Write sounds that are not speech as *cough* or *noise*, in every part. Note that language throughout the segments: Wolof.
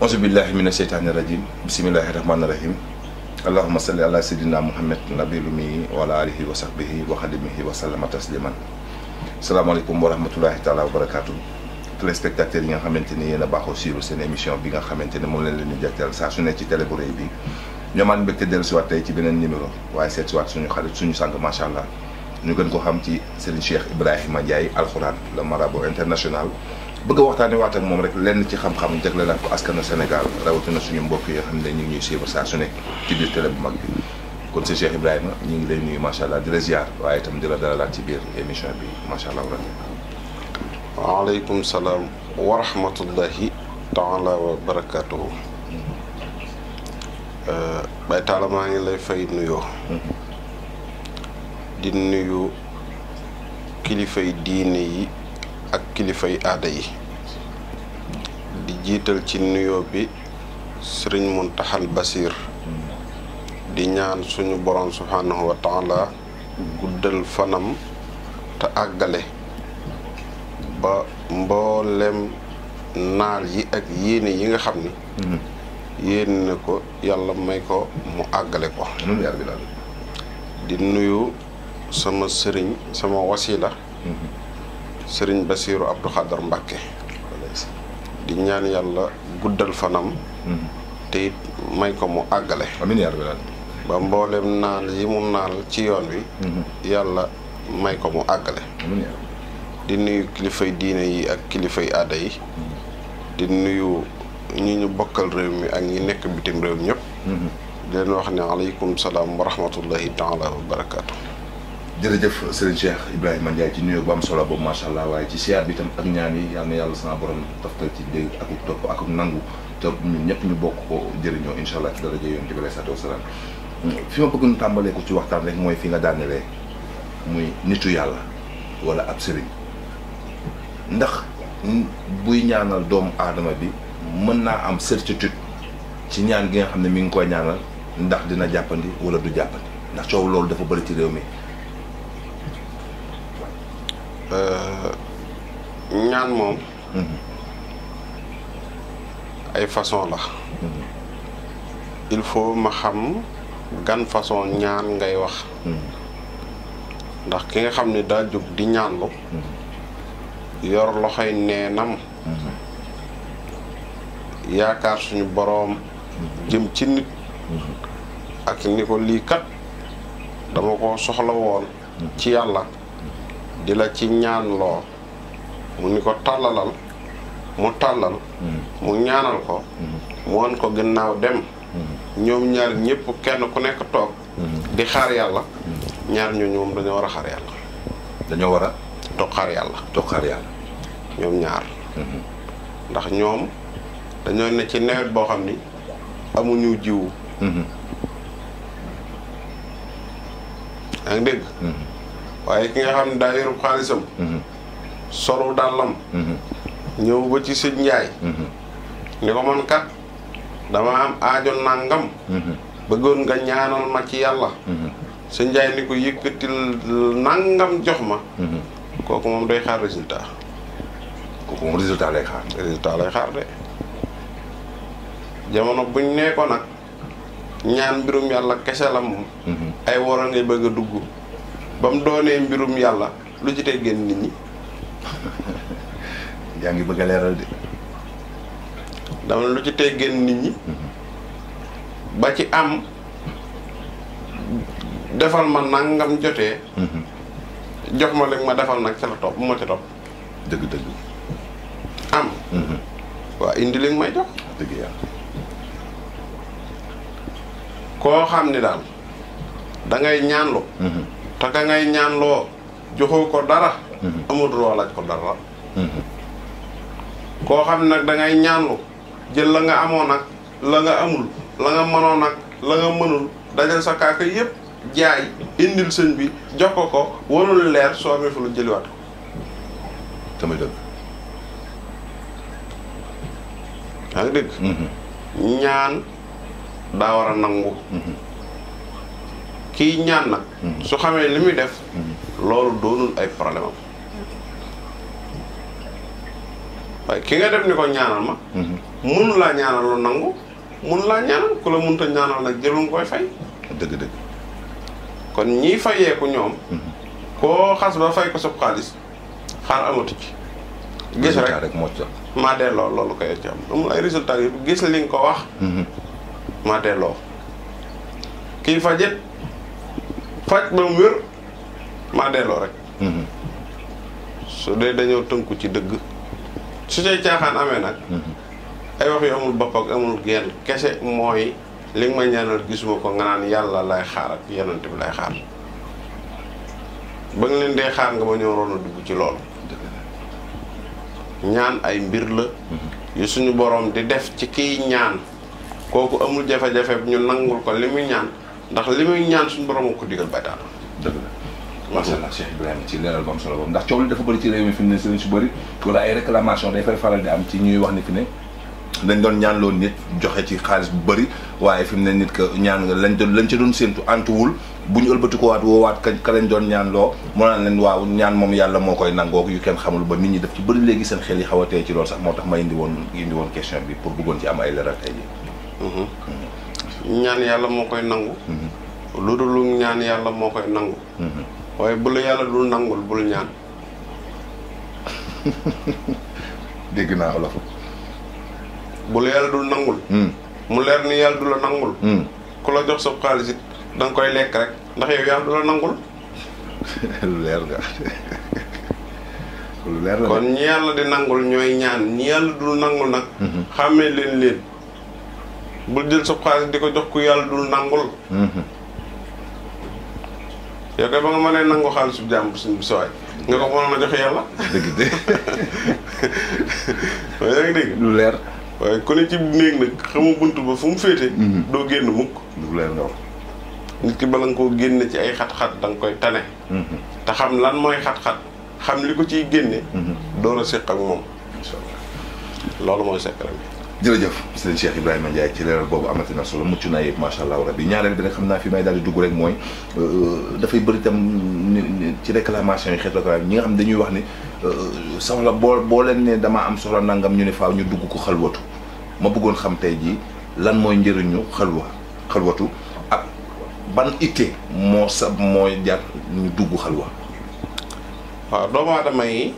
auzu billahi mina sheytaani rajim bisimillahi rahmaani rahim allahuma salli ala sayyidina muhammad nabilumi wala alihi wa sahbihi wa xadimihi wa sallama tasliman salaamaaleykum wa rahmatulahi taala wa barakaatu téléspectateurs yi nga xamante ni yéen a baaxoo suivre seen émission bi nga xamante ni moom leen leen di jagteel saa su ne ci télé bu bi ñoomaan mbégte dellu siwaat tey ci beneen numéro waaye seet siwaat suñu xarit suñu sàng macha allah ñu gën ko xam ci Serigne Cheikh Ibrahima Ndiaye alxuraan le marabout international bëgg a waxtaanee waat moom rek lenn ci xam-xam jagle naa ko askanu Sénégal rawatina suñu mbokk yi nga xam ne ñu ngi ñuy suivre saa su nekk ci biir télé bu mag bi kon si Cheikh Ibrahima ñu ngi lay nuyu macha allah di la ziar waaye tam di la dalalaat ci biir émission bi macha allah. waaleykum salaam wa rahmatullahi wa barakatuhu euh, bay taala ngi lay fay nuyoo mm-hmm. di nuyu kilifay diine yi ak kilifay aada yi di jiital ci nuyoo bi sëriñ Muntaxal Basiir di ñaan suñu borom subhaanahu wa taala guddal fanam te àggale ba mboolem naal yi ak yéene yi nga xam ni mm-hmm. yéen na ko yàlla may ko mu àggale ko di nuyu sama sëriñ sama wasila mm-hmm. sëriñ Basiiru Abdu Xadar Mbàkke di ñaan yàlla guddal fanam. Mm-hmm. te it may ko mu àggale. amiin yaa ba mboolem naal yi mu naal ci yoon wi. Mm-hmm. yàlla may ko mu àggale. di nuyu kilifay diine yi ak kilifay aada yi. Mm-hmm. di nuyu ñu ñu bokkal réew mi ak ñi nekk bitim réew mi ñëpp. di leen wax ne aleykum salaam wa rahmatullahi taala wa barakaatu. jërëjëf sëriñ Cheikh Ibrahima Ndiaye ci nuyoo bu am solo boobu macha allah waaye ci siyaar bi itam ak ñaan yi yal na yàlla sama borom daftal ci dégg ak topp ak nangu te ñun ñëpp ñu bokk ko jëriñoo incha allah ci daraja yoon ci bi salaatu wasalaam fi ma bëgg ñu tàmbalee ko ci waxtaan rek mooy fi nga daanelee muy nitu yàlla wala ak sëriñ ndax buy ñaanal doomu aadama bi mën naa am certitude ci ñaan gi nga xam ne mi ngi koy ñaanal ndax dina jàppandi wala du jàppandi ndax coow loolu dafa bëri ci réew mi. Euh, ñaan moom. ay façon la. il faut ma xam gan façon ñaan ngay wax. ndax ki nga xam ne daa jóg di ñaanlu. yor loxoy neenam. yaakaar suñu boroom. jëm ci nit. ak ni ko lii kat dama ko soxla woon. ci yàlla. di la ci ñaan loo mu ni ko tàllalal mu tàllal mm-hmm. mu ñaanal ko mm-hmm. mu wan ko gannaaw dem mm-hmm. ñoom ñaar ñépp kenn ku nekk toog di xaar yàlla ñaar ñooñu ñoom dañoo war a xaar yàlla dañoo war a toog xaar yàlla toog ñoom ñaar ndax ñoom dañoo ne ci nawet boo xam ni amuñu jiwu yaa ngi dégg waaye ki nga xam ne daa yorub xaalisam mhm. solo dàllam mhm. ñëw ba ci sëñ Njaay mhm. ni ko man kat dama am aajo nangam bëggoon nga ñaanal ma ci yàlla sëñ Njaay ni ko yëkkatil nangam jox ma kooku moom day xaar résultat kooku moom résultat lay xaar de jamono buñ nee ko ñaan mbirum yàlla kese la moom ay wara ngay bëgg a dugg ba mu doonee mbirum yàlla lu ci tey génn nit ñi *laughs* yaa ngi bëgg a leeral de dama lu ci tey génn nit ñi ba ci am defal ma nangam jotee mhm. jox ma léegi ma defal nag ci la topp bu ma ca topp dëgg dëgg am mhm. waa indi léegi may jox koo xam ni daal dangay ngay ñaanlu mhm. te ka ngay ñaan loo joxoo ko dara mm-hmm. amul droit laaj ko dara mm-hmm. koo xam nag dangay ñaanlu jël la nga amoon nag la nga amul la nga mënoon ak la nga mënul dajal sa kaaka yépp jaay indil sëñ bi jox ko warul leer soo amee fu la jëliwaat ko tamay dëgg dégg mm-hmm. ñaan daa war a nangu kii ñaan nag. Hmm. su xamee li muy def. Hmm. loolu doonul ay problème am. Hmm. waaye ki nga def ni ko ñaanal ma. mënu laa ñaanal lu nangu mënu laa ñaanal ku la mënta ñaanal nag jëlum koy fay. dëgg ñi kon ñii fayeeku ñoom. koo xas ba fay ko sab xaalis xaar amatu ci. gis rek maa delloo loolu koy ci amul ay résultat yi gis li nga ko wax. maa delloo. kii fajet faj ba mu wér maa delloo rek. Mhm. su dee dañoo tënku ci dëgg. su cay caaxaan amee nag. Mhm. ay wax yu amul bopp ak amul genn kese mooy li nga ma ñaanal gisuma ko nga naan yàlla lay xaaral ak yonent bi lay xaar ba nga leen dee xaar nga ba ñoo waroon dugg ci loolu. ñaan ay mbir la. Mhm. yu suñu boroom di def ci kiy ñaan kooku amul jafe-jafe ñu nangul ko li muy ñaan. ndax li muy ñaan suñ borom ko digal baytaal. dëgg la macha allah solo boobu ndax coow li dafa bëri ci réew mi fi mu ne sëriñ su bëri wala ay réclamation day fay faral di am ci ñuy wax ni fi ne dañ doon ñaan ñaanloo nit joxe ci xaalis bu bëri waaye fi mu ne nit que ñaan lañ doon lañ ci doon séentu antuwul bu ñu ëlbati ko waat woowaat ka ka lañ doon ñaanloo mu naan leen waaw ñaan moom yàlla moo koy nangoo yu kenn xamul ba nit ñi daf ci bëri léegi seen xel yi xaw a tey ci loolu sax moo tax ma indi woon indi woon question bi pour bëggoon ci ay leeral ñaan yàlla moo koy nangu. Mm-hmm. lu dul ñaan yàlla moo koy nangu. Mm-hmm. waaye bu la yàlla dul nangul bul ñaan. *laughs* dégg naa olof. bu la yàlla dul nangul. Mm. mu leer ni yàlla du la nangul. Mm. ku la jox sa xaalis it da koy lekk rek ndax yow yàlla du la nangul. *laughs* lu leer *laughs* kon ñi yàlla di nangul ñooy ñaan ñi yàlla dul nangul nag. Mm-hmm. xàmmee leen leen. bul jël sa xaalis di ko jox ku yàlla dul nangul. Mhm. yow kay ba nga mënee nangu xaalisu jàmbur suñu sawaay nga ko mënoon a jox yàlla. dëgg *laughs* leer. waaye ku ne ci néeg nag xamu bunt ba fu mu féete. Mhm. doo génn mukk. lu leer nga nit ki bala nga koo génne ci ay xat-xat da koy tane. Mhm. te xam lan mooy xat-xat xam li ko ciy génne. door a séq ak moom. loolu mooy secret bi. jërëjëf sëriñ Cheikh Ibrahima Ndiaye ci leeral boobu amati na solo mucc naa yëpp macha allah rabi ñaareel bi rek xam naa fi may daal di dugg rek mooy euh, euh, dafay bëri itam ci réclamation yi xeetu ñi nga xam ne dañuy wax ni euh, soxla boo boo leen ne damaa am soxla nangam ñu ne faaw ñu dugg ko xalwatu ma bëggoon xam tey jii lan mooy njëriñu xalwa xalwatu ak ban itte moo sa mooy jar ñu dugg xalwa. waaw doomu aadama yi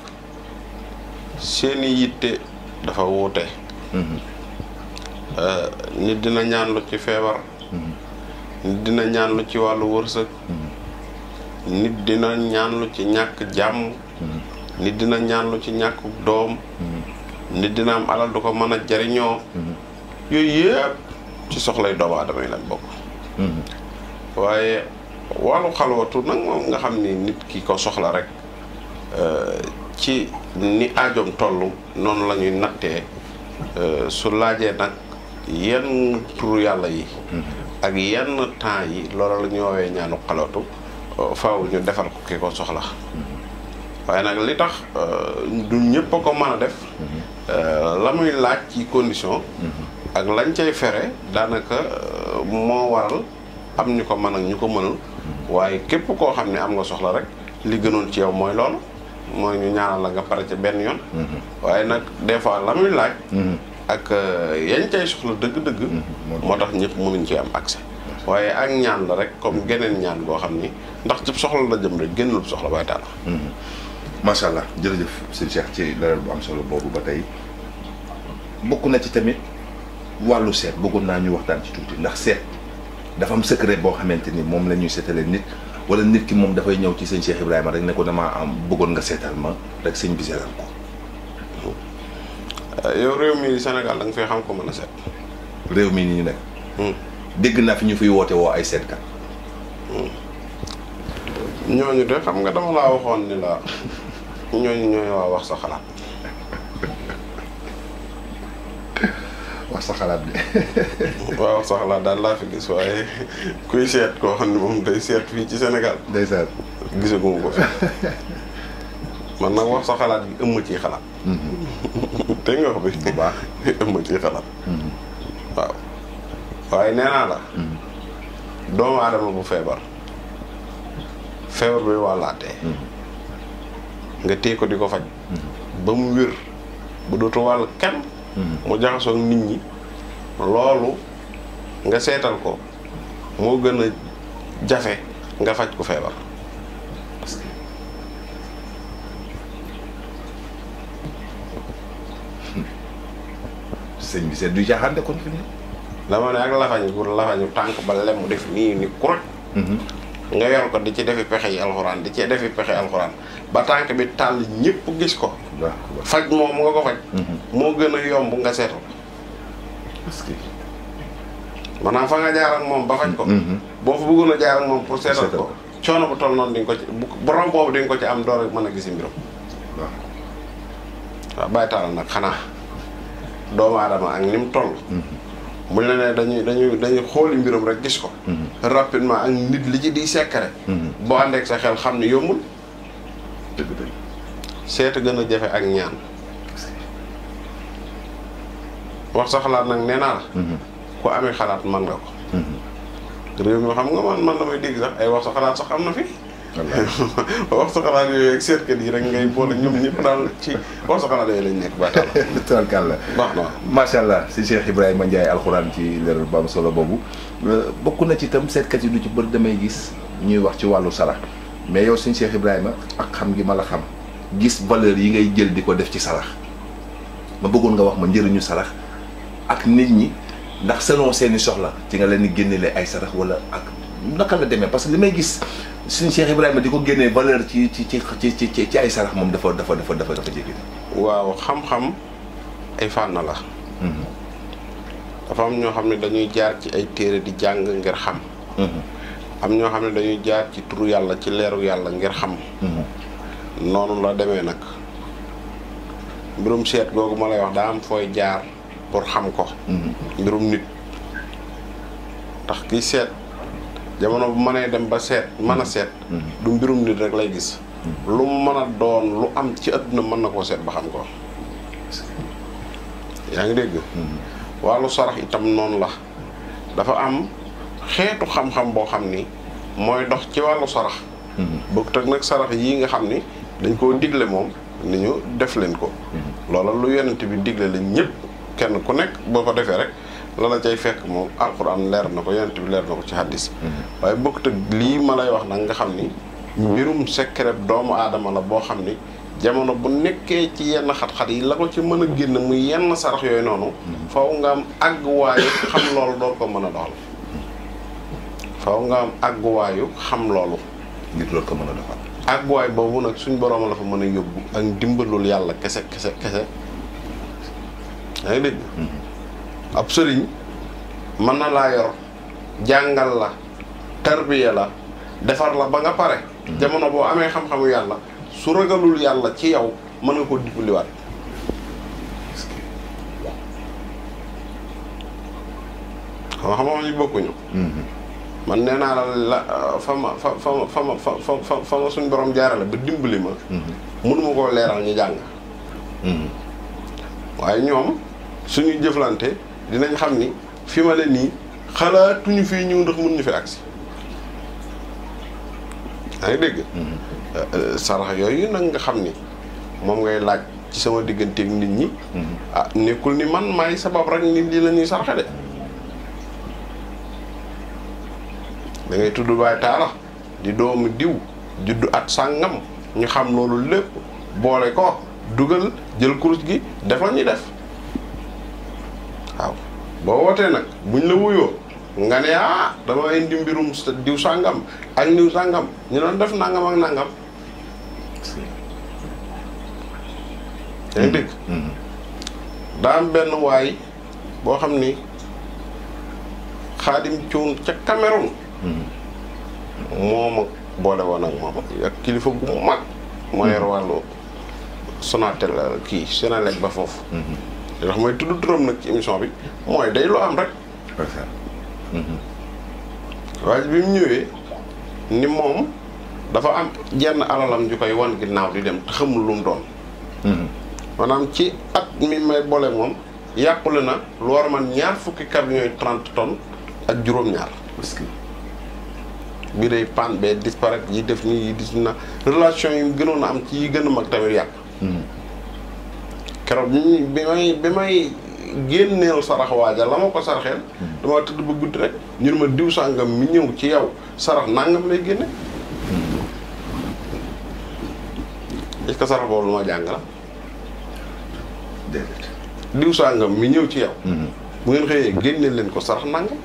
seen i yitte dafa wuute. Euh, nit dina ñaanlu ci feebar nit dina ñaanlu ci wàllu wërsëg nit dina ñaanlu ci ñàkk jàmm nit dina ñaanlu ci ñàkk doom nit dina am alal du ko mën a jariñoo yooyu yëpp ci soxlay doomu aadama yi lañ bokk waaye wàllu xalwatu nag moom nga xam ni nit ki ko soxla rek euh, ci ni aajoom toll noonu la ñuy nattee Euh, su laajee nag yenn tur yàlla yi ak yenn temps yi loolu la ñu ñaanu kalootu euh, faw ñu defal ko ki ko soxla waaye nag li tax euh, du ñëpp a ko mën a def la muy laaj ci condition ak lañ cay fere daanaka moo waral am ñu ko mën ak ñu ko mënul waaye képp koo xam ne am nga soxla rek li gënoon ci yow mooy loolu mooy ñu ñaanal la nga pare ca benn yoon. Mhm. waaye nag des fois la muy laaj. Mhm. ak euh, yañ cay soxla dëgg-dëgg. Mhm. moo tax ñëpp mënuñ ci am accès. waaye ak ñaan la rek comme geneen ñaan goo xam ni ndax ci soxla na jëm rek génnul soxla waaye taal. macha allah jërëjëf si Cheikh ci leeral bu am solo boobu ba tey bokk na ci tamit wàllu seet bëggoon naa ñu waxtaan ci tuuti ndax seet dafa am boo xamante ni moom la ñuy seetalee nit. wala nit ki moom dafay ñëw ci sëñ Cheikh Ibrahima rek ne ko damaa am bëggoon nga seetal ma rek sëñ bi seetal ko. Ah, yow réew mi Sénégal da nga fay xam ko mën a seet. réew mi ni ñu nekk. dégg naa fi ñu fiy woote woo ay seetkat. Hmm. ñooñu de xam nga dama laa waxoon ni la ñooñu ñooy waa wax sa xalaat. *laughs* wax sa xalaat bi. *laughs* waaw wax sa xalaat daal laa fi gis waaye kuy seet koo xam ne moom day seet fii ci Sénégal. day seet gisaguma ko fi *laughs* man nag wax sa xalaat bi ëmm ciy xalaat. Mm-hmm. *laughs* bu baax ëmm ciy xalaat. Mm-hmm. waaw waaye nee la. Mm-hmm. doomu aadama bu feebar. feebar bi wàllaatee. nga téye ko di ko faj. ba mu wér bu dootu wàll kenn. mu jaxasoog nit ñi loolu nga seetal ko moo gën a jafe nga faj ku feebar sëñ bi du jaaxaan de kon fi ne dama ne ak lafañ bu lafañu tànk ba lem def nii ni kuréel mhm. nga yor ko di ci defi pexe yi alxuraan di ci defi pexe alxuraan ba tànk bi tàll ñëpp gis ko faj moom nga ko faj. Mhm. moo gën a yomb nga seetu. maanaam fa nga jaar moom ba faj ko. Mhm. Mhm. boo fa bëggoon a jaar ak moom pour seetal ko coono bu toll noonu di ko ci borom boobu di nga ko ci am door mën a gis mbiram. waaw bàyyi taal nag xanaa doomu aadama ak ni mu toll. bu ñu la dañuy dañuy dañuy xooli mbiram rek gis ko. rapidement ak nit li ci di sekkare. boo àndeek sa xel xam ni yombul. seetu gën a jafe ak ñaan wax sa xalaat nag nee naa la mhm. ku amee xalaat man nga ko mhm. réew moo xam nga man man damay dégg sax ay wax sa xalaat sax am na fi *laughs* wax sa xalaat yooyu ak seetkat yi rek ngay boole ñoom ñëpp daal ci wax sa xalaat yooyu lañ nekk ba taal tubarkàlla na *laughs* macha allah si Cheikh Ibrahima Ndiaye alxuraan ci leeral ba solo boobu euh, bokk na ci itam seetkat yi du ci bër damay gis ñuy wax ci wàllu sarax mais yow si Cheikh Ibrahima ak xam gi ma la xam gis valeur yi ngay jël di ko def ci sarax ma bëggoon nga wax ma njëriñu sarax ak nit ñi ndax selon seeni soxla ci nga leen di génnelee ay sarax wala ak naka la demee parce que li may gis suñu Cheikh Ibrahima di ko génnee valeur ci ci ci ci ci ay sarax moom dafa dafa dafa dafa dafa jéggi. waaw xam-xam ay fànn la. Mhm. dafa am ñoo xam ne dañuy jaar ci ay téere di jàng ngir xam. Mhm. am ñoo xam ne dañuy jaar ci turu yàlla ci leeru yàlla ngir xam. Mhm. noonu la demee nag mbirum seet googu ma lay wax daa am fooy jaar pour xam ko mm-hmm. mbirum nit tax kiy seet jamono bu mënee dem ba seet mën a mm-hmm. seet mm-hmm. du mbirum nit rek lay gis lu mën a doon lu am ci àdduna mën na koo seet ba xam ko yaa ngi dégg wàllu sarax itam noonu la dafa am xeetu xam-xam boo xam ni mooy dox ci wàllu sarax bokkut ak nag sarax yii nga xam ni dañ koo digle moom ni ñu def leen ko. Mhm. loola lu yonent bi digle leen ñëpp kenn ku nekk boo ko defee rek la la cay fekk moom alxuraan leer na ko yonent bi leer na ko ci hadis. Mhm. waaye bokkut ak lii ma lay wax nag nga xam ni. mbirum secret doomu aadama la boo xam ni jamono bu nekkee ci yenn xat-xat yi la ko ci mën a génn muy yenn sarax yooyu noonu. Mhm. faw nga am àgguwaayu xam loolu doo ko mën a doxal. faw nga am àgguwaayu xam loolu. ko mën a defal. ak booy boobu nag suñ borom la fa mën a yóbbu ak dimbalul yàlla kese kese kese yaa ngi mhm. ab sëriñ mën na laa yor jàngal la tarbiya la defar la ba nga pare mhm. jamono boo amee xam-xamu yàlla su ragalul yàlla ci yow mën nga koo dimbaliwaat xam-xamam yi bokkuñu mhm. man nee naa la fa ma fa fa fa fa fa ma suñ borom jaarale ba dimbali ma. Mhm. mënuma koo leeral ñu jàng. Mhm. waaye ñoom suñuy jëflante dinañ xam ni fi ma leen nii xalaatuñu fii ñëw mën ñu fi agsi. yaa ngi dégg. Mhm. Euh, sarax yooyu nag nga xam ni moom ngay laaj ci sama digganteeg nit ñi. Ah, nekkul ni man maay sabab rek ni lii la ñuy saraxe de. dangay tudd baay taala di doomu diw juddu at sàngam ñu xam loolu lépp boole ko dugal jël kurus gi def ñu ñuy def waaw boo wootee nag buñ la wuyoo nga ne ah dama indi mbirum diw sàngam ak diw sàngam ñu doon def nangam ak nangam. yaa ngi mm-hmm. Mm-hmm. daa am benn waay boo xam ni xaadim cuun ca Cameroun. moo ma boole woon ak moom ak kilifa gu mag. moo yor mm-hmm. wàllu Sonatel euh, kii Senelec ba foofu. Mm-hmm. li tax mooy tudd turam nag ci émission bi mooy day loo am rek. Mm-hmm. waaye bi mu ñëwee ni moom dafa am jenn alalam ju koy wan ginnaaw di dem te xamul lu mu ci at mi may boole moom yàqule na lu war man ñaar fukki camion yi trente tonnes ak juróom-ñaar. bii day pan bee disparaître yi def nii yi dis na relation yi gënoon a am ci yi gën a mag tamit yàqu keroog bi may bi may génneel sarax waaja la ma ko saraxeel dama tëdd ba guddi rek ñu ma diw sàngam mi ñëw ci yow sarax nàngam lay génne est-ce que sarax boobu lu ma jàng la diw sàngam mi ñëw ci yow mm-hmm. bu ngeen xëyee génneel leen ko sarax nangam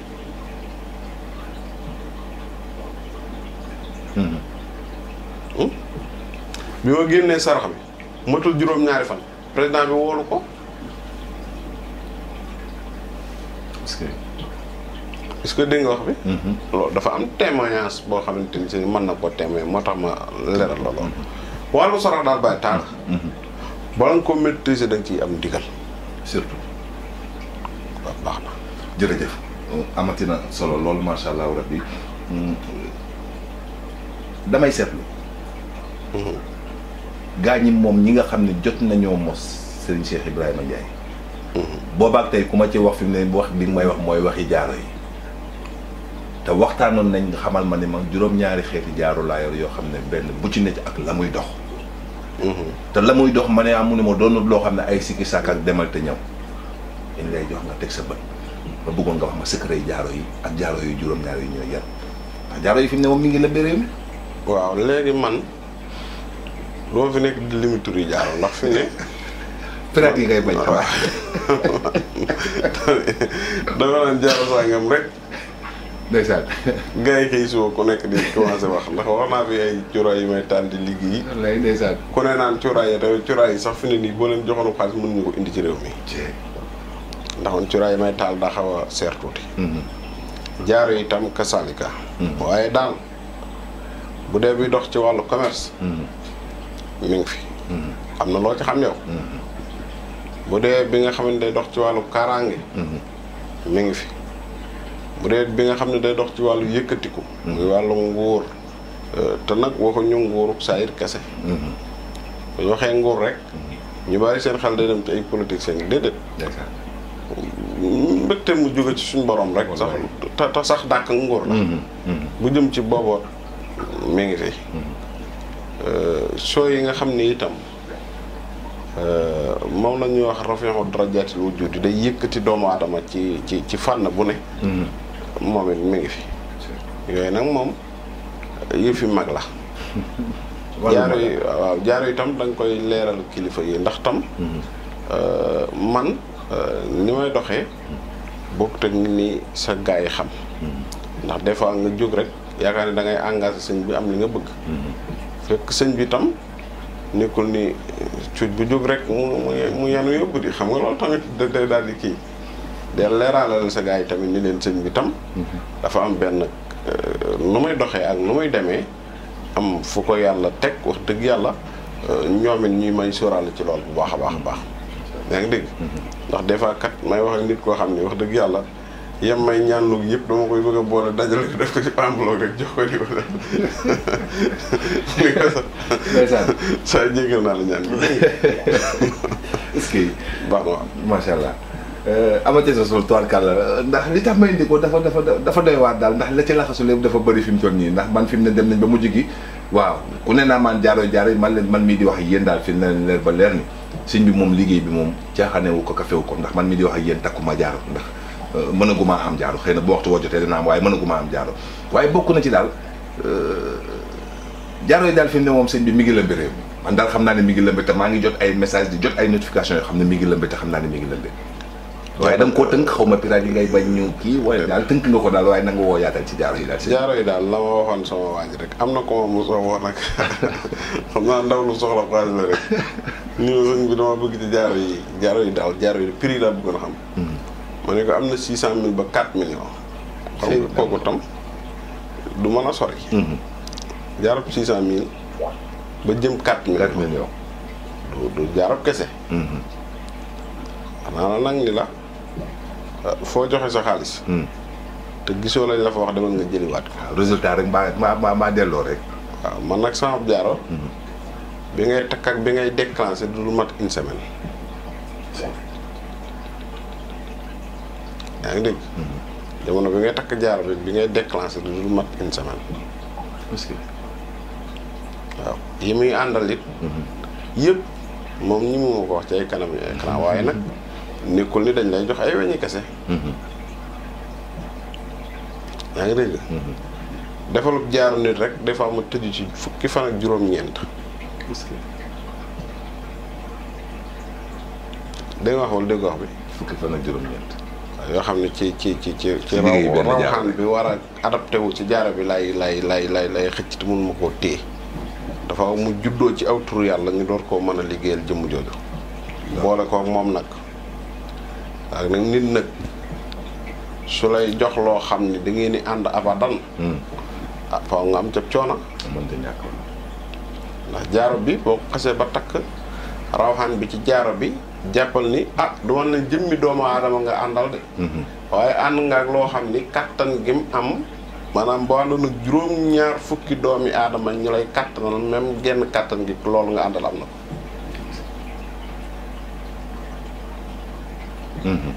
Hmm. Hmm? bi ma génnee sarax bi matul juróom-ñaari fan président bi woolu ko. parce que est-ce que dégg bi. Hmm. loolu dafa am témoignage boo xamante ni si mën na koo témoigner moo tax ma leeral la loolu. wàllu sarax daal bàyyi taal. bala nga ko maîtriser da nga ciy am ndigal. surtout. baax na. jërëjëf. amati na solo loolu macha allah rabbi damay seetlu. Mhm. ñi moom ñi nga xam ne jot nañoo mos seen seex Cheikh Ibrahima Ndiaye. Mhm. boobaak tey ku ma ci wax fi mu ne wax bi nga may wax mooy waxi jaaro yi. te waxtaanoon nañ xamal ma ne ma juróom-ñaari xeeti jaaro laa yor yoo xam ne benn bu ci nekk ak la muy dox. Mhm. te la muy dox ma ne amu ne ma doon loo xam ne ay sikki sàkk ak demal te ñëw. dañ lay jox nga teg sa bët ma bëggoon nga wax ma secret jaaro yi ak jaaro yu juróom-ñaari yi ñooy yar ndax jaaro yi fi waaw léegi man loo fi nekk di limi tur yi jaaroo ndax fi ne. piraat *laughs* yi ngay bañ. waaw *laughs* dama naan jaaroo sàngam rek. ndeysaan. gars yi xëy suba ku nekk di commencé wax ndax wax naa fi ay cuuraay yu may tànn di liggéey. wallaay ku ne naan cuuraay ya tamit cuuraay yi sax fi ne nii boo leen joxoon xaalis mën ñu ko indi ci réew mi. ndax man cuuraay yi may taal daa xaw a seer tuuti. Mm-hmm. jaaro itam kasalika. Mm-hmm. waaye daal. bu dee bi dox ci wàllu commerce. Mm-hmm. mi ngi fi. Mm-hmm. am na loo ci xam yow. Mm-hmm. bu dee bi nga xam ne day dox ci wàllu kaaraange. ngi fi bu dee bi nga xam ne day dox ci wàllu yëkkatiku. muy wàllu nguur euh, te nag waxuñu nguuruk saayir kese. bu waxee nguur rek ñu bari seen xel day dem ci ay politique seen déedéet. mbégte mu jóge ci suñu borom rek. sax te sax dàq nguur la. bu jëm ci booboot mi ngi fi euh, show yi nga xam ni itam euh, moom la ñuy wax rafiixu darajaatil wujudi day yëkkati doomu aadama ci ci ci fànn bu ne mm-hmm. moom it mi ngi fi yooyu nag moom yëf fi mag la *laughs* jaaro yi waaw jaaro yi tam da koy leeral kilifa yi ndax tam mm-hmm. euh, man ni may doxee bokkut ak ni sa gaa yi xam mm-hmm. ndax des fois nga jóg rek yaakaar ne da ngay sëñ bi am li nga bëgg. fekk sëñ bi tam nekkul ni cuuj bu jóg rek mu mu yanu yóbbu di xam nga loolu tamit day daal di kii. de leeraalal sa gars yi tamit ni leen sëñ bi tam. dafa am benn euh, nu may doxee ak nu may demee am fu ko yàlla teg wax dëgg yàlla euh, ñoom it ñuy may sóoraale ci loolu bu baax a baax a baax. yaa ngi dégg. Mm-hmm. ndax des fois kat may wax ak nit koo xam ne wax dëgg yàlla. yem may ñaanloog yëpp dama koy bëgg a boole dajale def ko ci enveloppe rek jox ko di ko def li ko sax. ndeysaan saa jéggal naa la ñaan bi. est-ce que. baax na waaw macha allah. Euh, amati sa sol tubaarkàlla ndax li tax may indi ko dafa dafa dafa doy waar daal ndax la ci laxasu lépp dafa bëri fi mu toll nii ndax man fi mu ne dem nañ ba mujj gi waaw ku ne naa man jaaroo jaaroo man leen man mii di wax ak yéen daal fi na leen leer ba leer ni sëñ bi moom liggéey bi moom caaxaanewu ko kafewu ko ndax man mii di wax ak yéen takku ma jaaroo ndax. mënagumaa am jaadu xëy na bu woo jotee dina am waaye mënagumaa am jaadu waaye bokk na ci daal euh, jaaro yi daal fi mu ne moom sëñ bi mi ngi lëmbe réew mi man daal xam naa ne mi ngi lëmbe te maa ngi jot ay message di jot ay notification xam ne mi ngi lëmbe te xam naa ne mi ngi lëmbe waaye da nga koo tënk xaw ma piraat yi ngay bañ ñu kii waaye daal tënk ko daal waaye nanga woo yaatal ci jaaro yi daal jaaro yi daal la ma waxoon sama waa rek am na ko ma mosoo woo nag *laughs* xam naa ndaw lu soxla xaalis la rek *laughs* ni ma sëñ bi dama bëgg ci jaaro yi jaaro yi daal jaaro yi prix laa bëggoon xam hmm. ma ne ko am na six cent mille ba quatre millions. xam tam du mën a sori. Mhm. jaarab six cent mille ba jëm quatre millions. quatre millions du du jaarab kese. Mhm. xanaa nag ni la euh, foo joxe sa xaalis. Mhm. te gisoo lañ la fa wax demal nga jëliwaat résultat rek maa maa maa delloo rek. waaw man nag sama jaaro. bi ngay takk ak bi ngay déclenché du lu mat une semaine. yaa ngi dégg. Mm-hmm. jamono bi ngay takk jaar bi bi ngay déclenché du dul mat une semaine. parce waaw yi muy àndal it. Mm-hmm. yëpp moom ñi mu ko wax ci ay kanam ay écran waaye nag mm-hmm. nekkul ni dañ lay jox ay weñi kese. yaa ngi dégg. defalub jaaru nit rek des fois mu tëju ci fukki fan ak juróom-ñeent. dégg wax wala dégg wax bi. fukki fan juróom yoo xam ne ci ci ci ci ci raw rawxaan bi war a adapté wu ci jaaro bi lay lay lay lay lay xëcc te ma koo téye dafa mu juddoo ci aw tur yàlla ñu door koo mën a liggéeyal jëmm jooju boole ko moom nag ak nag nit nag su lay jox loo xam ne da di ànd abadan hmm. ah nga am ca coona ndax jaaro bi boo xasee ba takk rawxaan bi ci jaaro bi jàppal ni a ah, doon na jëmmi doomu aadama nga àndal de mhm. waaye ànd nga loo xam ni kattan gim am maanaam boo àndoon ak juróom-ñaar fukki doomi aadama ñu lay kattanal même genn kattan gi loolu nga àndal am na ko mhm.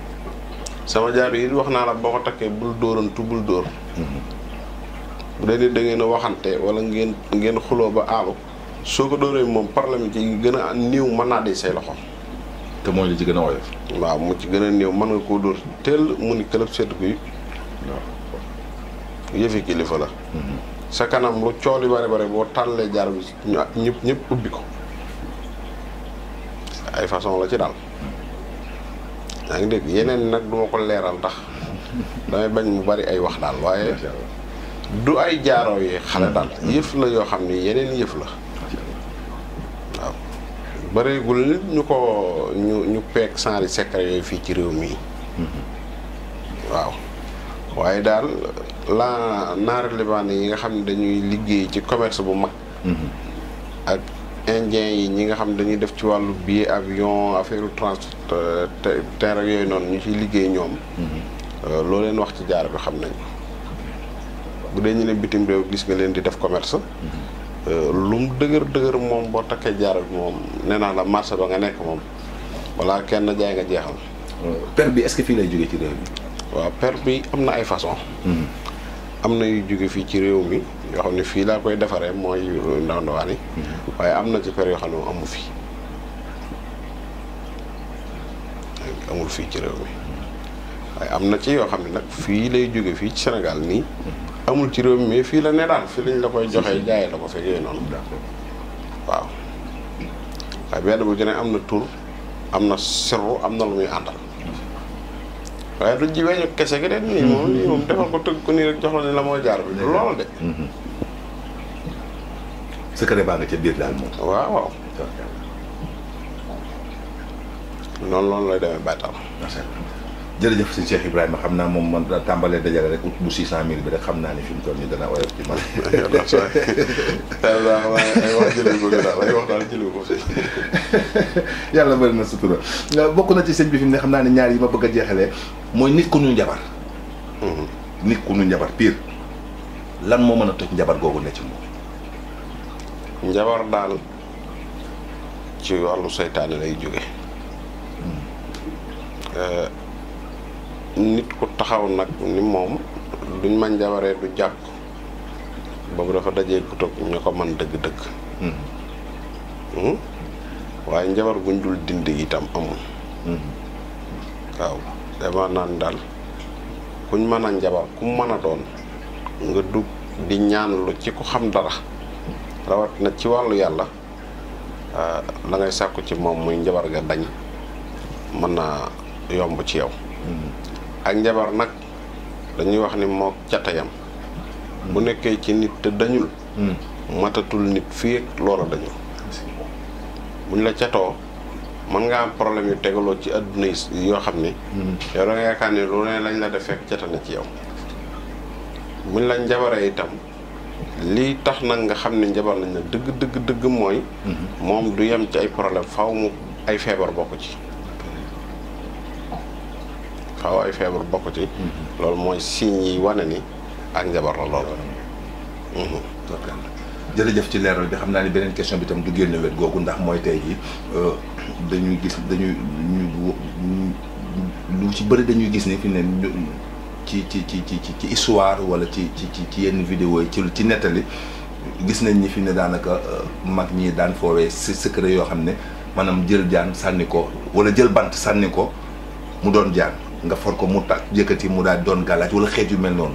sama jaar yi wax naa la boo ko takkee bul dóorantu bul dóor mhm. bu dee da ngeen a waxante wala ngeen ngeen xuloo ba aalu soo ko dóoree moom problème ci gën a néew mën naa dey say loxo te mooy li ci gën a woyof. waaw mu ci gën a néew mën nga koo dóor teel mu ni këlëb sedd kuy waaw kilifa la. Mhm. sa kanam lu cool yu bari bari boo tàllee jaar bi ñëpp ñëpp ubbi ko ay façon la ci daal. Mhm. yaa ngi dégg yeneen nag duma ko leeral tax *laughs* damay bañ mu bari ay wax daal waaye. du ay jaaroo yi xale daal mhm. yëf la yoo xam ne yeneen yëf la. bëreegul ñu ko ñu ñu peeg sanri secret yooyu fii ci réew mi mm-hmm. waaw waaye daal la naara libaane yi nga xam ne dañuy liggéey ci commerce bu mag mm-hmm. ak indien yi ñi nga xam ne dañuy def ci wàllu billet avion affaire transport terre yooyu noonu ñu ciy liggéey ñoom mm-hmm. euh, loo leen wax ci jaar bi xam nañ bu dee ñu ne bitim réew gis nga leen di def commerce Euh, lu mu dëgër dëgër moom boo takkee jaar bi moom nee naa la marché ba nga nekk moom balaa kenn jaay nga jeexal. Euh, per bi est-ce que fii lay jóge ci réew mi. waaw per bi am na ay façon hmm. am na jóge fii ci réew mi yoo xam ne fii laa koy defaree mooy ndaw ndawaan yi. Hmm. waaye am na ci per yoo xam ne amu fi amul fii ci réew mi waaye am na ci yoo xam ne nag fii lay jóge fii ci senegal nii. Hmm. amul ci réew mii fii la ne daal fii lañ la koy joxee jaayee la ko fekk yooyu noonu waaw waaye benn bu ci am na tur am na sirru am na lu muy àndal waaye du jiwee ñu kese gi de nii moom nii moom defal ko tëgg ko nii jox la ne la moo jaar bi du loolu de mhm. secret baa waaw waaw noonu loolu lay demee baytal jërëjëf si Cheikh Ibrahima xam naa moom man tàmbalee dajale rek ut bu 600000 bi rek xam naa ni fi mu toll nii dana oyof ci man. waaw *laughs* waaw yàlla bëri na sutura bokk na ci sëñ bi fi mu ne xam naa ne ñaar yi ma bëgg a jeexale mooy nit ku ñu njabar. Mhm. nit njabar pire lan moo mën a toj njabar googu ne ci moom. njabar daal ci wàllu seytaane lay jóge. Hmm. Euh, nit ku taxaw nag ni moom duñ man jabaree du jàkk boobu dafa dajee kutub ñu ko man dëgg-dëgg hmm. Hmm? waaye njabar guñ dul dindi itam amul hmm. waaw dama daal kuñ mën a njabar ku mën a doon nga dugg di ñaanlu ci ku xam dara rawat na ci wàllu yàlla ah, la sàkku ci moom muy njabar ga dañ mën naa yomb ci yow ak njabar nag dañuy wax ni moo catayam bu nekkee ci nit te dañul hmm. matatul nit fii ak loola dañu buñ la catoo mën nga am problème yu tegaloo ci àdduna yi yoo xam ni hmm. yow da yaakaar ni lu ne lañ la defee fekk cata ci yow buñ la njabaree itam lii tax nag nga xam ne njabar nañ la dëgg dëgg dëgg mooy hmm. moom du yem ci ay problème faw mu ay feebar bokk ci xaw ay feebar bokk ci. Mhm. loolu mooy signe yi wane ni ak njabar la loolu. Mhm. Mhm. jërëjëf ci leeral bi xam naa ni beneen question bi tam du génn wet googu ndax mooy tey jii euh, dañuy gis dañuy lu ci bëri dañuy gis ni fi ne ci ci ci ci ci histoire wala ci ci ci ci yenn vidéo yi ci ci nettali gis nañ ni fi ne daanaka euh, mag ñi daan foowee si secret yoo xam ne maanaam jël jaan sànni ko wala jël bant sànni ko mu doon jaan nga for ko mu tàkk yëkkati mu daal doon gàllaaj wala xeet yu mel noonu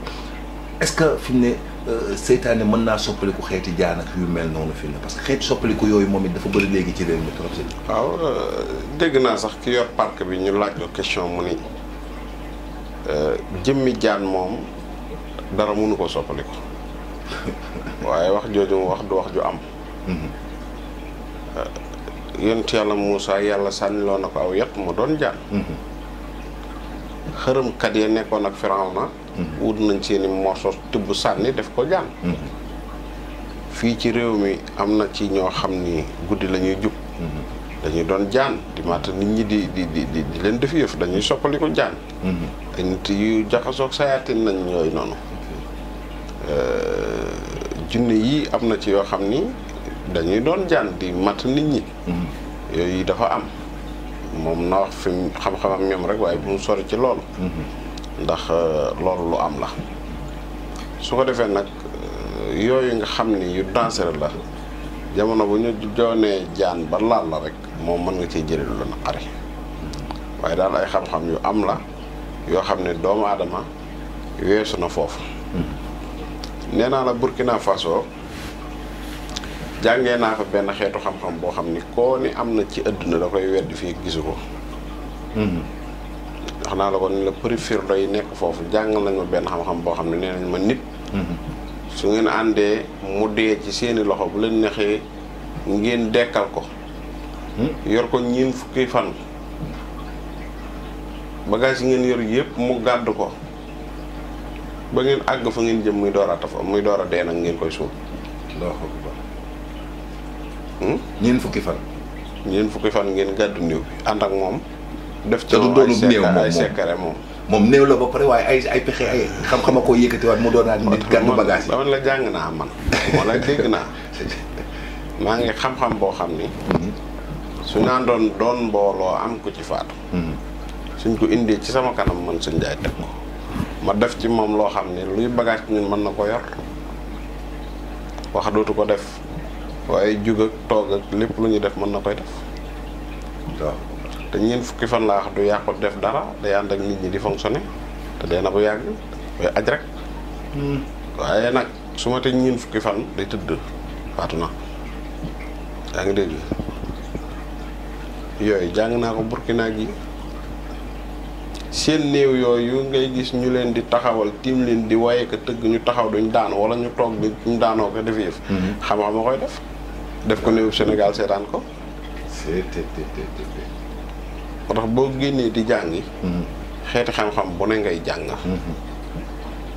est-ce que fi mu ne euh, seytaane mën naa soppaliku xeeti jaan ak yu mel noonu fi ne parce que xeeti soppaliku yooyu moom it dafa bëri léegi ci réew mi trop si. waaw euh, dégg naa sax ki yor parc bi ñu laaj ko question mu ni euh, jëmmi jaan moom dara mënu ko soppaliku *laughs* waaye wax jooju mu wax du wax ju am. Mm-hmm. yonent yàlla Moussa yàlla sànniloo na ko aw yat mu doon jaan. Mm-hmm. xërëmkat ya nekkoon ak Firawna mhm. wut nañ seeni morso tibb sànni def ko jaan mhm. fii ci réew mi am na ci ñoo xam ni guddi lañuy ñuy jub mhm. dañuy doon jaan di maata nit ñi di leen def yëf dañuy soppali ko jaan ay nit yu yooyu noonu äh, junne yi am na ci yoo xam ni dañuy doon jaan mat nit ñi yooyu dafa am moom na wax fi xam-xam ñoom rek waaye bu mu ci loolu. Mm-hmm. ndax euh, loolu lu am la. su ko defee nag euh, yooyu nga xam ni yu dangereux la jamono bu ñu joonee jaan ba laal la rek moom mën nga cee jëlee lu la naqari waaye daal ay xam-xam yu am la yoo xam ne doomu aadama weesu na foofu. Mm-hmm. nee naa la Burkina Faso. jàngee naa fa benn xeetu xam-xam boo xam ni koo ni am na ci àdduna da koy wedd fii gisu ko. Mm-hmm. wax naa la ko ni la préféré doy nekk foofu jàng nañ ma benn xam-xam boo xam ne nee nañ ma nit. Mm-hmm. su ngeen àndee mu dee ci seeni loxo bu leen neexee ngeen dekkal ko. Mm-hmm. yor ko ñiin fukki fan. bagage yi ngeen yor yëpp mu gàdd ko ba ngeen àgg fa ngeen jëm muy door a muy door a dee nag ngeen koy suul. Hmm? ñeen fukki fan. ñeen fukki fan ngeen gàddu néew bi ànd ak moom. def ci moom ay sekare moom. moom néew la ba pare waaye ay pexe ay xam-xama koo yëkkatiwaat mu doonaat nit gàddu bagaas yi. la jàng naa man wala dégg naa *laughs* maa ngi xam-xam boo xam ni. Hmm. su ñu naan doon doon mbooloo am ko ci faatu. Hmm. suñ ko indee ci sama kanam man suñ jaay teg ko. ma def ci moom loo xam ne luy bagage ñun mën na ko yor wax dootu ko def. waaye jug ak toog ak lépp lu ñuy def mën na koy def waaw te ñeent fukki fan laa wax du yàqu def dara day ànd ak nit ñi di fonctionner te dee na bu yàgg koy aj rek hmm. waaye nag su ma tee fukki fan day tëdd faatu na yaa ngi dégg yooyu jàng naa ko burki Burkina yi seen néew yooyu ngay gis ñu leen di taxawal tiim leen di waaye ko tëgg ñu taxaw duñ daan wala ñu toog bi ñu daanoo ko def yëf. xam-xam mhm. a koy def. def ko néew Sénégal seetaan ko. moo tax boo génnee di jàngi. Mhm. xeeti xam-xam bu ne ngay jàng. Mhm.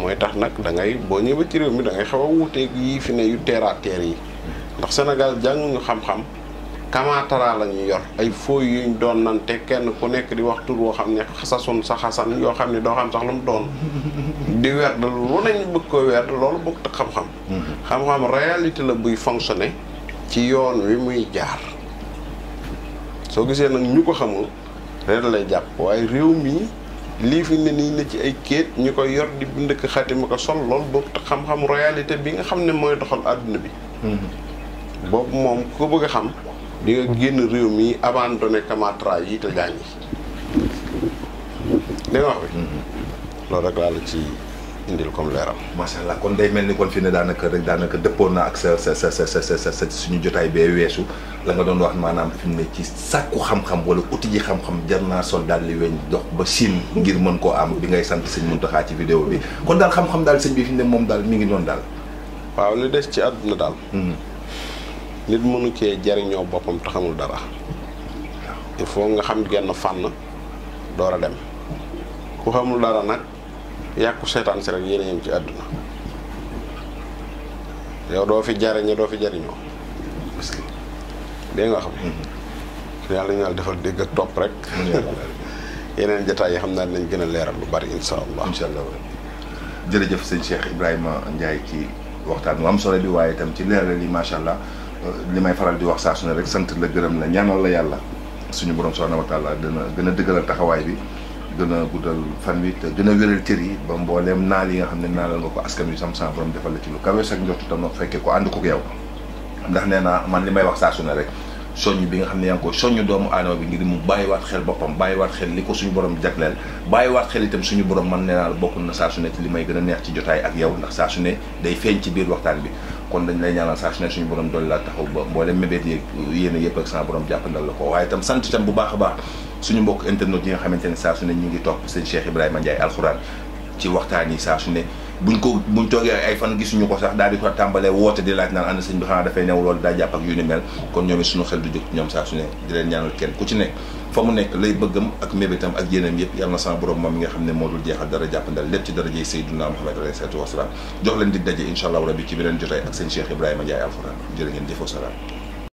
mooy tax nag dangay ngay boo ñëwee ci réew mi da ngay xaw a wuuteeg yii fi ne yu teer yi. ndax senegal jànguñu xam-xam. kamaatara la ñuy yor ay fooy yuñ doon te kenn ku nekk di wax woo xam ne xasasun sa xasan yoo xam ne doo xam sax lu mu doon *laughs* di werd lu nañu bëgg koo werd loolu bëgg te xam-xam mhm. xam réalité la buy fonctionner ci yoon wi muy jaar soo gisee nag ñu ko xamul reer jàpp waaye réew mi lii fi ne nii ci ay kéet ñu koy yor di bind ak xatima ko sol bi nga xam ne mooy doxal àdduna bi mhm. boobu moom ku bëgg a xam di nga génn réew mi abandonné kamatra yi te jàngi da nga wax bi mhm. loolu rek laa la ci indil comme leeram macha allah kon day mel ni kon fi ne daanaka rek daanaka dëppoon na ak sa sa sa sa sa sa suñu jotaay bee weesu la nga doon wax maanaam fi mu ci sàkku xam-xam wala uti ji xam-xam jar naa sol daal li weñ dox ba Chine ngir mën koo am bi ngay sant mun taxaa ci vidéo bi kon daal xam-xam daal sëñ bi fi mu ne moom daal mi ngi noonu daal waaw li des ci àdduna daal mhm. nit mënu cee jariñoo boppam te xamul dara il faut nga xam genn fànn door a dem ku xamul dara nag yàqu seetaan si rek yéen ci àdduna yow doo fi jariñoo doo fi jariñoo dégg nga xam yàlla ñu daal defal dégg ak topp rek *laughs* yeneen jataay yi xam naa nañ gën a leeral lu bari insha allah insha allah jërëjëf sëñ Cheikh Ibrahima Ndiaye ci waxtaan mu am solo bi waaye itam ci leeral yi macha allah li may faral di wax saa su ne rek sant la gërëm la ñaanal la yàlla suñu borom subhanahu wa taala dana gën a dëgëral taxawaay bi gën a guddal fan wi te gën a wéral cër yi ba mbooleem naa yi nga xam ne naalal nga ko askan wi sam-sam borom defal la ci lu kawe sax njortu tam fekkee ko ànd ko yow ndax nee naa man li may wax saa su ne rek soññ bi nga xam ne yaa ngi koy soññ doomu aadama bi ngir mu bàyyiwaat xel boppam bàyyiwaat xel li ko suñu borom jagleel bàyyiwaat xel itam suñu borom man nee naa bokk na saa su li may gën a neex jotaay ak yow ndax saa su ne day feeñ ci biir waxtaan bi kon dañ lay ñaanal saa su suñu borom dolli laa taxaw ba mboolem mébét yeeg yéen a yëpp la ko waaye itam sant itam bu baax a baax suñu bokk internet yi nga xamante ne saa su ne ñu ngi topp sëñ Cheikh Ibrahima Ndiaye alxuraan ci waxtaan yi saa su ne buñ ko buñ toogee ay fan gisuñu ko sax daa di ko tàmbalee woote di laaj naan ànd sëñ bi xanaa dafay new loolu daa jàpp ak yu ni mel kon ñoom suñu xel du jóg ñoom saa su di leen ñaanal kenn ku ci nekk fa mu nekk lay bëggam ak mébétam ak yéenam yëpp yal na sama borom moom mi nga xam ne moo dul jeexal dara jàppandal lépp ci darajey Seydina Muhammad alayhi salaatu wasalaam jox leen di daje incha allahu rabbi ci beneen jotaay ak sëñ Cheikh Ibrahima